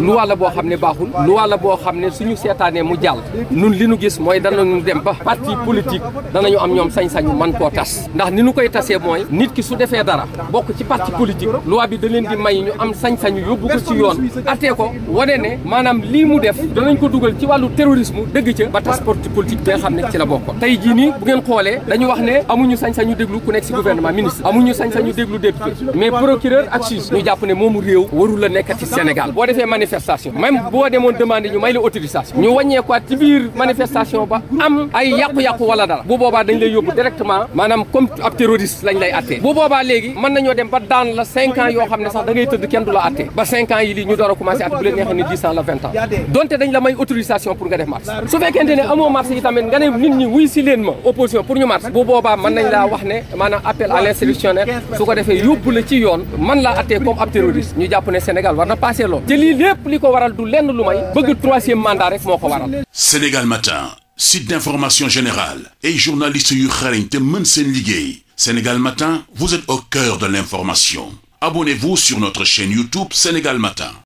loi la boo xam ne baaxul loi la boo xam ne suñu seetaanee mu jàll nun li nu gis mooy danañu dem ba parti dana ñu am ñoom sañ-sañu man koo tas ndax ni nu koy tasee mooy nit ki su defee dara bokk ci parti politique loi bi da leen di may ñu am sañ-sañu yóbbu ko ci yoon atee ko wane ne maanaam lii mu def danañ ko dugal ci wàllu terrorisme dëgg ca ba tas parti politique bi xam ne ci la bokkoon tey jii nii bu ngeen xoolee dañu wax ne amuñu sañ-sañu déglu ku nekk si gouvernement amuñu sañ-sañu déglu député mais procureur ñu jàpp ne moomu réew warul la nekkati Sénégal boo defee manifestation même boo demoon demandé ñu may la autorisation ñu wàññeekuwaat ci biir manifestation ba am ay yàqu-yàqu wala dara bu boobaa dañ lay yóbbu directement maanaam comme ab terroriste lañ lay attee bu boobaa léegi mën nañoo dem ba daan la cinq ans yoo xam ne sax da ngay kenn du la attee ba cinq ans yi lii ñu door a commencé at bu leen neexee ne dix ans la vingt ans donte dañ la may autorisation pour nga def marche su fekkente ne lépp li ko waral du lenn lu may bëgg troisième mandat rek moo ko waral. Sénégal Matin site d'information générale et journaliste yu xarañ te mën seen liggéey Sénégal Matin vous êtes au cœur de l'information abonnez-vous sur notre chaîne YouTube Sénégal Matin.